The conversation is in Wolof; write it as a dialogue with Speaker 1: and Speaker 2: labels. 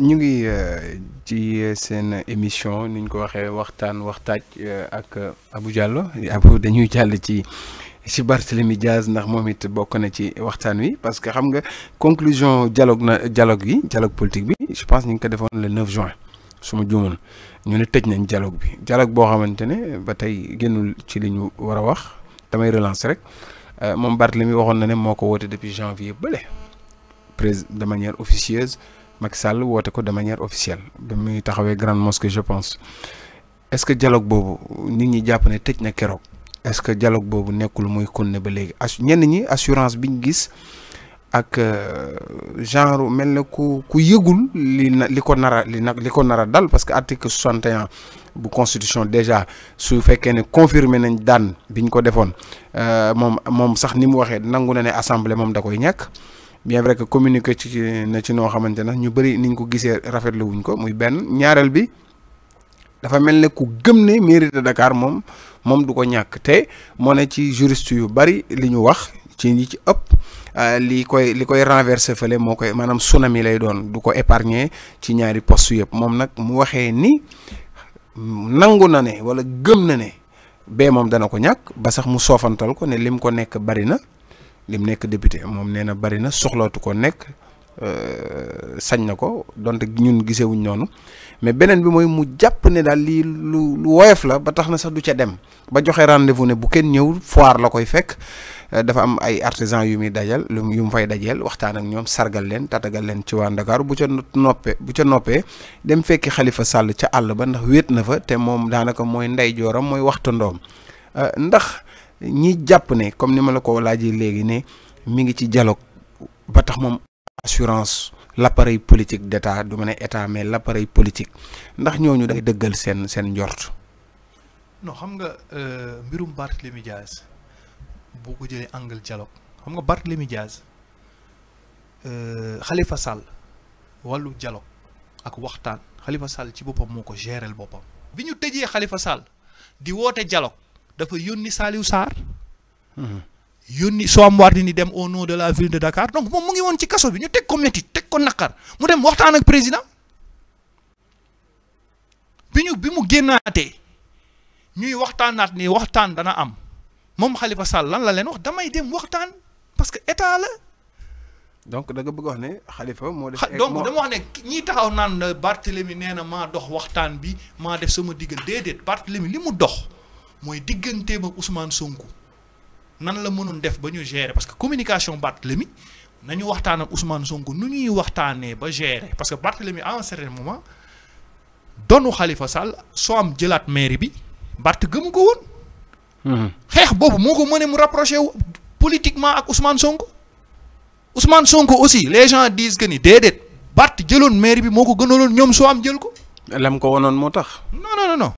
Speaker 1: nous euh, ngi euh, ci seen émission ni ñu ko waxee waxtaan waxtaaj euh, ak Abou Diallo Abou dañuy jàll ci ci Barthélemy Diaz ndax moom it bokk na ci wi parce que xam nga conclusion dialogue na dialogue bi, dialogue politique bi je pense que nous ko defoon le 9 juin su ma juumoon ñu ne tëj nañ dialogue bi dialogue boo xamante ne ba tey génnul ci li ñu war a wax damay relancer rek moom Barthélemy waxoon na ne moo ko depuis janvier bële de manière officieuse. Macky Sall woote de manière officielle bi muy grandement grande mosquée je pense est ce que dialogue bobo nit ni japonais technique tëj na est ce que dialogue boobu nekkul muy kunne ba léegi ni ñi assurance bingis gis ak euh, genre mel le ku coup yegul li ko nara li nag li ko nara dal parce que article 61 bu constitution déjà su fait ne confirmer nañ daan biñ ko defoon euh, moom moom sax ni mu waxee na assemblée moom da koy bien vrai que communiqué ci na ci noo xamante ne ñu bëri niñ ko gisee rafetlu wuñ ko muy benn ñaareel bi dafa mel ne ku gëm ne mairie de Dakar moom moom du ko ñàkk te moo ne ci juriste yu bëri li ñu wax ci ñi ci ëpp euh, li koy li koy renversé fële moo koy maanaam tsunami lay doon du ko épargner ci ñaari post yëpp moom nag mu waxee ni nangu na ne wala gëm na ne bee moom dana ko ñàkk ba sax mu soofantal ko ne lim ko nekk bari na lim nekk député moom nee na bari na soxlootu ko nekk euh, sañ na ko donte ñun gisewuñ noonu mais beneen bi mooy mu jàpp ne daal lii lu lu woyof la ba tax na sax du ca dem ba joxe rendez ne bu kenn ñëw foire la koy fekk euh, dafa am ay artisans yu muy dajal lu yu mu fay dajeel waxtaan ak ñoom sargal leen tatagal leen ci waa Ndakaaru bu ca noppee bu ca noppee dem fekki Xalifa Sàll ca àll ba ndax wéet na fa te moom daanaka mooy ndeyjooram mooy waxtu ndoom euh, ndax ñi jàpp ne comme ni ma la ko laajee léegi ne mi ngi ci dialogue ba tax moom assurance l'appareil politique d'état du ma ne état mais l'appareil politique ndax ñooñu day dëggal seen seen njort.
Speaker 2: no xam nga euh, mbirum Barthélemy Diaz boo ko jëlee angle dialogue xam nga Barthélemy Diaz euh, Khalifa Sall wàllu dialogue ak waxtaan xalifa Sall ci boppam moo ko géreel boppam. bi ñu tëjee Khalifa Sall di woote dialogue dafa yónni Saliou Sarr. Mhm. yónni Soham ni dem au nom de la ville de Dakar donc moom mu ngi woon ci kaso bi ñu teg ko métti teg ko naqar mu dem waxtaan ak président bi ñu bi mu génnaatee ñuy waxtaan waxtaanaat ni waxtaan dana am moom xalifa Sall lan la leen wax damay dem waxtaan
Speaker 1: parce que état la. donc da nga bëgg wax ne Khalifa moo def donc dama
Speaker 2: wax ne taxaw naan Barthélemy nee na maa dox waxtaan bi maa def sama digg déedéet Barthélemy li mu dox. mooy digganteem ak Ousmane Sonko nan la mënoon def ba ñu gérer parce que communication na ñu waxtaan ak Ousmane Sonko nu ñuy waxtaanee ba gérer parce que Barthélemy à en certain moment donu xalifa Sall soo am jëlaat mairie bi Barth gëmu ko woon. Mhm. xeex boobu moo ko mënee mu rapproché wu politiquement ak Ousmane Sonko. Ousmane Sonko aussi les gens disent que ni déedéet Barth jëloon mairie bi moo ko gënaloon ñoom soo am jël ko. lam ko wonoon moo tax. non